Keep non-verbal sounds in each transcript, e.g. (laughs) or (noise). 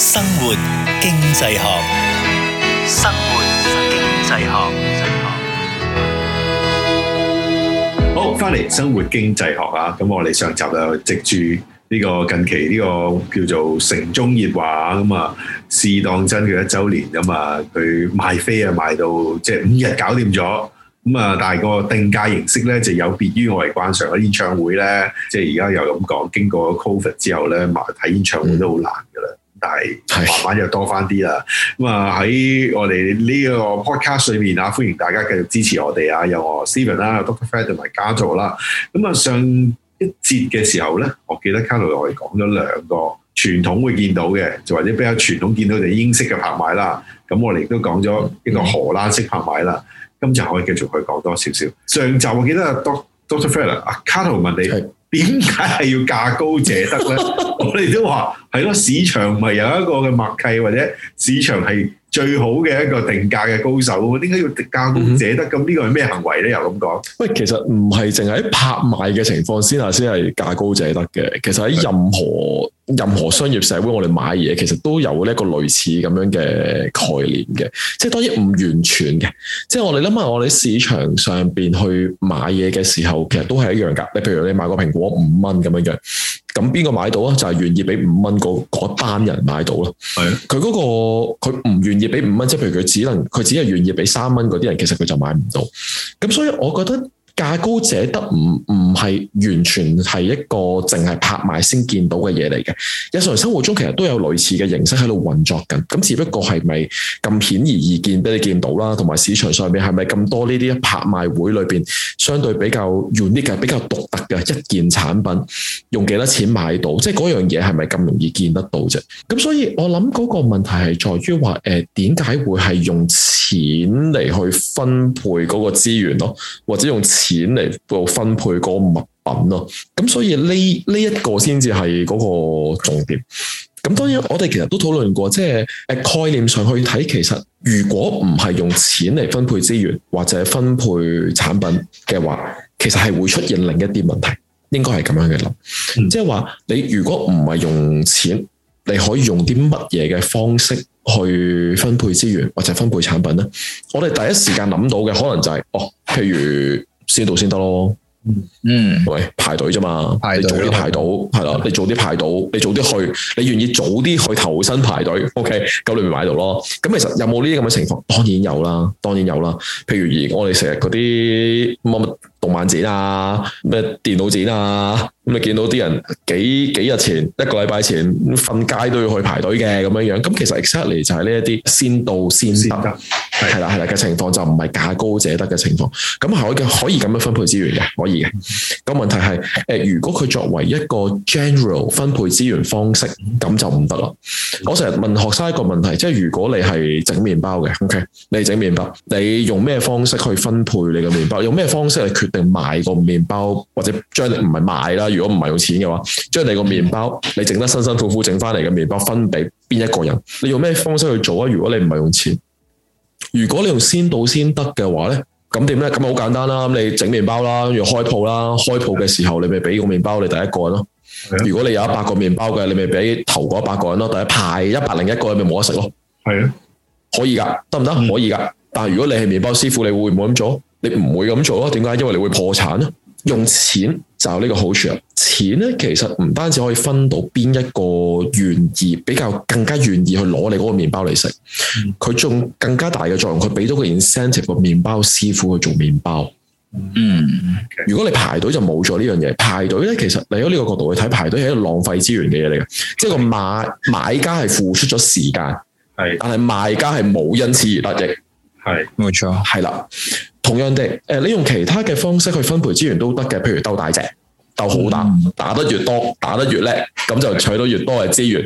生活經濟學，生活經濟學，好翻嚟來生活經濟學啊！咁我哋上集就藉住呢個近期呢個叫做城中熱話咁啊，試當真嘅一周年咁啊，佢、嗯、賣飛啊賣到即係五日搞掂咗咁啊，但係個定價形式咧就有別於我哋慣常嘅演唱會咧，即係而家又咁講，經過咗 Covid 之後咧，買睇演唱會都好難噶啦。嗯但係慢慢又多翻啲啦，咁啊喺我哋呢個 podcast 裏面啊，歡迎大家繼續支持我哋啊，有我 Steven 啦，Doctor Fred 同埋家做啦，咁啊上一節嘅時候咧，我記得 Carlo 我哋講咗兩個傳統會見到嘅，就或者比較傳統見到嘅英式嘅拍賣啦，咁我哋亦都講咗一個荷蘭式拍賣啦，嗯嗯、今集可以繼續去講多少少。上集我記得 Doctor Fred 啊，Carlo 問你。點解係要價高者得咧？ (laughs) 我哋都話係咯，市場唔係有一個嘅默契，或者市場係。最好嘅一個定價嘅高手，點解要定、嗯、價高者得？咁呢個係咩行為咧？又咁講，喂，其實唔係淨係喺拍賣嘅情況先下先係價高者得嘅。其實喺任何的任何商業社會，我，我哋買嘢其實都有呢一個類似咁樣嘅概念嘅，即係當然唔完全嘅。即係我哋諗下，我哋市場上邊去買嘢嘅時候，其實都係一樣㗎。你譬如你買個蘋果五蚊咁樣樣。咁邊個買到啊？就係願意俾五蚊嗰單人買到咯。係啊，佢嗰個佢唔願意俾五蚊，即係譬如佢只能佢只係願意俾三蚊嗰啲人，其實佢就買唔到。咁所以我覺得。價高者得唔唔係完全係一個淨係拍賣先見到嘅嘢嚟嘅，日常生活中其實都有類似嘅形式喺度運作緊。咁只不過係咪咁顯而易見俾你見到啦？同埋市場上面係咪咁多呢啲拍賣會裏邊相對比較 unique 嘅、比較獨特嘅一件產品，用幾多錢買到？即係嗰樣嘢係咪咁容易見得到啫？咁所以我諗嗰個問題係在於話，誒、呃，點解會係用錢嚟去分配嗰個資源咯，或者用？錢嚟個分配個物品咯，咁所以呢呢一個先至係嗰個重點。咁當然我哋其實都討論過，即係誒，概念上去睇，其實如果唔係用錢嚟分配資源或者分配產品嘅話，其實係會出現另一啲問題。應該係咁樣嘅諗，嗯、即係話你如果唔係用錢，你可以用啲乜嘢嘅方式去分配資源或者分配產品咧？我哋第一時間諗到嘅可能就係、是、哦，譬如。先到先得咯，嗯嗯，喂，排隊啫嘛係，你早啲排到，係啦，你早啲排到，你早啲去，你願意早啲去投身排隊，OK，咁你咪買到咯。咁其實有冇呢啲咁嘅情況？當然有啦，當然有啦。譬如而我哋成日嗰啲乜乜動漫展啊，咩電腦展啊，咁你見到啲人幾幾日前一個禮拜前瞓街都要去排隊嘅咁樣樣，咁其實 exactly 就係呢一啲先到先得。先得係啦，係啦嘅情況就唔係價高者得嘅情況，咁係可以可以咁樣分配資源嘅，可以嘅。咁問題係，誒、呃，如果佢作為一個 general 分配資源方式，咁就唔得啦。我成日問學生一個問題，即係如果你係整麵包嘅，OK，你整麵包，你用咩方式去分配你個麵包？用咩方式去決定賣個麵包，或者將唔係賣啦？如果唔係用錢嘅話，將你個麵包，你整得辛辛苦苦整翻嚟嘅麵包，分俾邊一個人？你用咩方式去做啊？如果你唔係用錢？如果你用先到先得嘅話咧，咁點咧？咁好簡單啦，咁你整麵包啦，要開鋪啦，開鋪嘅時候你咪俾個麵包你第一個人咯。的如果你有一百個麵包嘅，你咪俾頭嗰一百個人咯，第一排一百零一個人咪冇得食咯。係啊的，可以噶，得唔得？可以噶。但係如果你係麵包師傅，你會唔會咁做？你唔會咁做咯。點解？因為你會破產咯。用錢。就有呢個好處啊！錢咧其實唔單止可以分到邊一個願意比較更加願意去攞你嗰個麵包嚟食，佢仲、嗯、更加大嘅作用，佢俾到個 incentive 個麵包師傅去做麵包。嗯，如果你排隊就冇咗呢樣嘢。排隊咧其實你喺呢個角度去睇，排隊係一個浪費資源嘅嘢嚟嘅，即係個買買家係付出咗時間，係的，但係賣家係冇因此而得益，係，冇錯，係啦。同樣地，誒你用其他嘅方式去分配資源都得嘅，譬如兜大隻。鬥好打，嗯、打得越多，打得越叻，咁就取到越多嘅資源。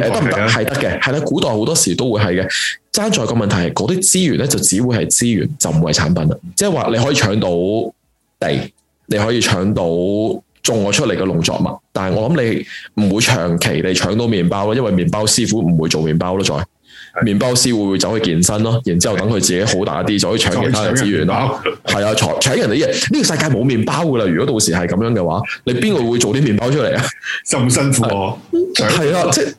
得唔得？係得嘅，係啦。古代好多時都會係嘅。爭在個問題係嗰啲資源咧，就只會係資源，就唔會係產品啦。即係話你可以搶到地，你可以搶到種咗出嚟嘅農作物，但係我諗你唔會長期嚟搶到麵包咯，因為麵包師傅唔會做麵包咯。再。麵包師會唔會走去健身咯？然之後等佢自己好打啲， (laughs) 就可以搶其他人資源咯。係啊，搶搶人哋嘢，呢個世界冇麵包噶啦。如果到時係咁樣嘅話，你邊個會做啲麵包出嚟啊？咁辛苦，係啊，即係。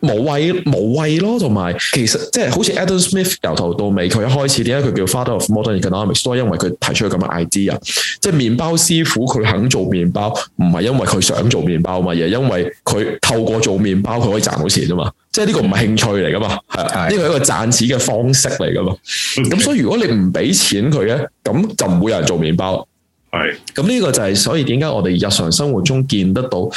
無謂無謂咯，同埋其實即係好似 Adam Smith 由頭到尾，佢一開始點解佢叫 Father of Modern Economics 都係因為佢提出咁嘅 idea，即係麵包師傅佢肯做麵包，唔係因為佢想做麵包嘛，而係因為佢透過做麵包佢可以賺到錢啊嘛，即係呢個唔係興趣嚟噶嘛，係呢個一個賺錢嘅方式嚟噶嘛，咁的所以如果你唔俾錢佢咧，咁就唔會有人做麵包。係，咁呢個就係所以點解我哋日常生活中見得到誒，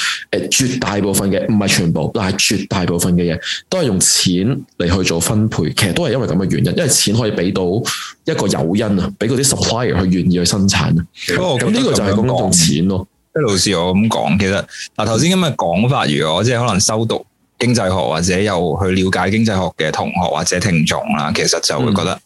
絕大部分嘅，唔係全部，但係絕大部分嘅嘢都係用錢嚟去做分配，其實都係因為咁嘅原因，因為錢可以俾到一個誘因啊，俾嗰啲 supplier 去願意去生產啊。咁呢個就係講緊用錢咯。一路似我咁講，其實嗱頭先咁嘅講法，如果即係可能修讀經濟學或者有去了解經濟學嘅同學或者聽眾啦，其實就會覺得。嗯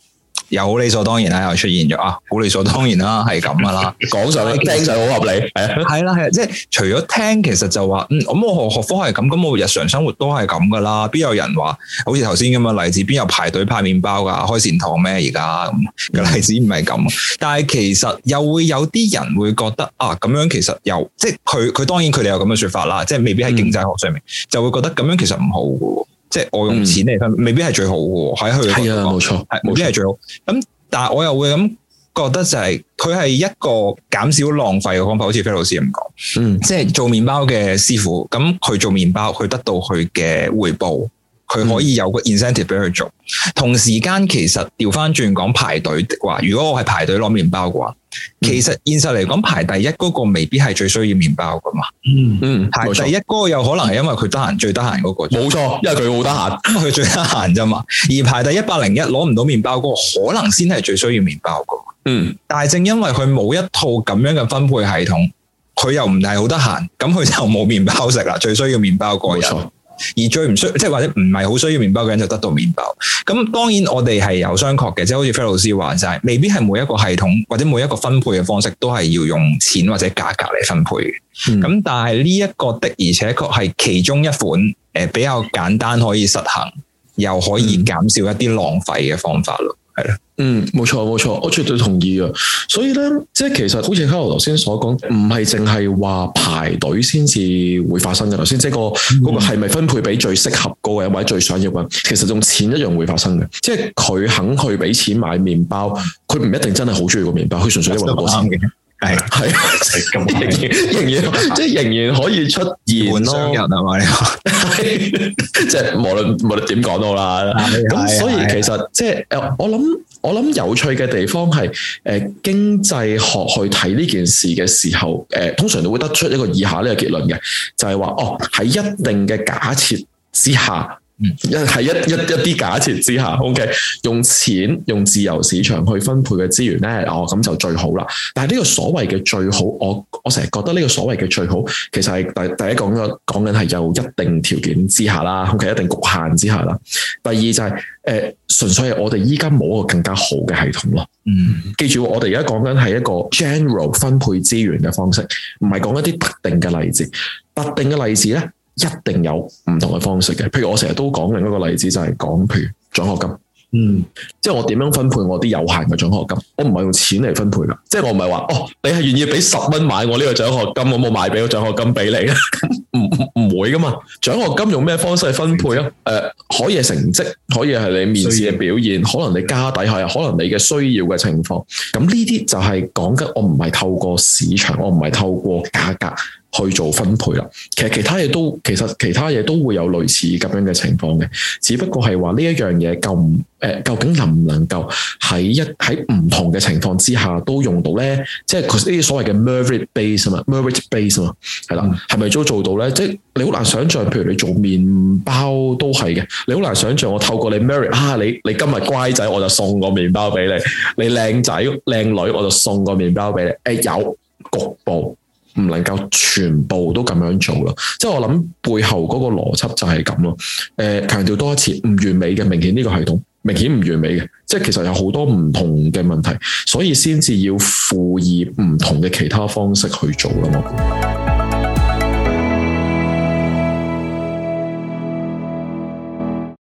又理所當然啦，又出現咗啊！好理所當然啦，係咁噶啦。講上去，聽上好合理，係啦係啊，即係除咗聽，其實就話嗯，咁我學科係咁，咁我日常生活都係咁噶啦。邊有人話好似頭先咁嘅例子？邊有排隊派麵包噶開善堂咩？而家咁嘅例子唔係咁。但係其實又會有啲人會覺得啊，咁樣其實又即係佢佢當然佢哋有咁嘅説法啦，即係未必喺經濟學上面、嗯、就會覺得咁樣其實唔好喎。即係我用錢嚟分，未必係最好嘅喎。喺佢嘅角度講，係冇錯，未必係最好。咁，但係我又會咁覺得就係、是，佢係一個減少浪費嘅方法。好似菲老師咁講，嗯，即係做麵包嘅師傅，咁佢做麵包，佢得到佢嘅回報。佢可以有個 incentive 俾佢做，同時間其實調翻轉講排隊的話，如果我係排隊攞麵包嘅話，其實現實嚟講排第一嗰個未必係最需要麵包噶嘛。嗯嗯，排第一嗰個有可能係因為佢得閒，最得閒嗰個。冇錯，因為佢好得閒，因為佢最得閒啫嘛。而排第一百零一攞唔到麵包嗰個，可能先係最需要麵包噶。嗯，但係正因為佢冇一套咁樣嘅分配系統，佢又唔係好得閒，咁佢就冇麵包食啦。最需要麵包個人。而最唔需要，即係或者唔係好需要麵包嘅人就得到麵包。咁當然我哋係有商榷嘅，即、就、係、是、好似菲老師話齋，未必係每一個系統或者每一個分配嘅方式都係要用錢或者價格嚟分配嘅。咁、嗯、但係呢一個的，而且確係其中一款誒、呃、比較簡單可以實行，又可以減少一啲浪費嘅方法咯。嗯係啦，嗯，冇錯冇錯，我絕對同意啊。所以咧，即係其實好似喺我頭先所講，唔係淨係話排隊先至會發生嘅。頭先即係、個嗰個係咪分配俾最適合個人，或者最想要嘅？其實用錢一樣會發生嘅。即係佢肯去俾錢買麵包，佢唔一定真係好中意個麵包，佢純粹因為個價錢。係係， (laughs) 仍然仍然 (laughs) 即係仍然可以出現囉人係咪？ (laughs) (laughs) (laughs) 即係無論無論點講都好啦。咁 (laughs) 所以其實 (laughs) 即係誒、呃，我諗我諗有趣嘅地方係誒、呃，經濟學去睇呢件事嘅時候，誒、呃、通常你會得出一個以下呢個結論嘅，就係、是、話哦喺一定嘅假設之下。嗯、一係一一一啲假設之下，OK，用錢用自由市場去分配嘅資源咧，哦，咁就最好啦。但係呢個所謂嘅最好，嗯、我我成日覺得呢個所謂嘅最好，其實係第第一講咗講緊係有一定條件之下啦，OK，一定局限之下啦。第二就係、是、誒、純、呃、粹係我哋依家冇一個更加好嘅系統咯。嗯，記住我哋而家講緊係一個 general 分配資源嘅方式，唔係講一啲特定嘅例子。特定嘅例子咧，一定有唔同嘅方式嘅，譬如我成日都講另一個例子就係、是、講譬如獎學金，嗯，即係我點樣分配我啲有限嘅獎學金，我唔係用錢嚟分配噶，即係我唔係話哦，你係願意俾十蚊買我呢個獎學金，我冇買俾個獎學金俾你。 (laughs) 唔唔唔會噶嘛？獎學金用咩方式去分配啊？誒、呃，可以係成績，可以係你面試嘅表現，然可能你家底係，可能你嘅需要嘅情況。咁呢啲就係講緊我唔係透過市場，我唔係透過價格去做分配啦。其實其他嘢都，其實其他嘢都會有類似咁樣嘅情況嘅。只不過係話呢一樣嘢，究唔誒？究竟能唔能夠喺一喺唔同嘅情況之下都用到咧？即係佢呢啲所謂嘅 merit base 啊嘛，merit base 啊嘛，係啦，係咪都做到？即係你好難想象，譬如你做麵包都係嘅，你好難想象我透過你 Marry 啊，你你今日乖仔，我就送個麵包俾你；你靚仔靚女，我就送個麵包俾你。誒、欸，有局部唔能夠全部都咁樣做咯，即係我諗背後嗰個邏輯就係咁咯。誒、呃，強調多一次，唔完美嘅，明顯呢個系統明顯唔完美嘅，即係其實有好多唔同嘅問題，所以先至要輔以唔同嘅其他方式去做啊嘛。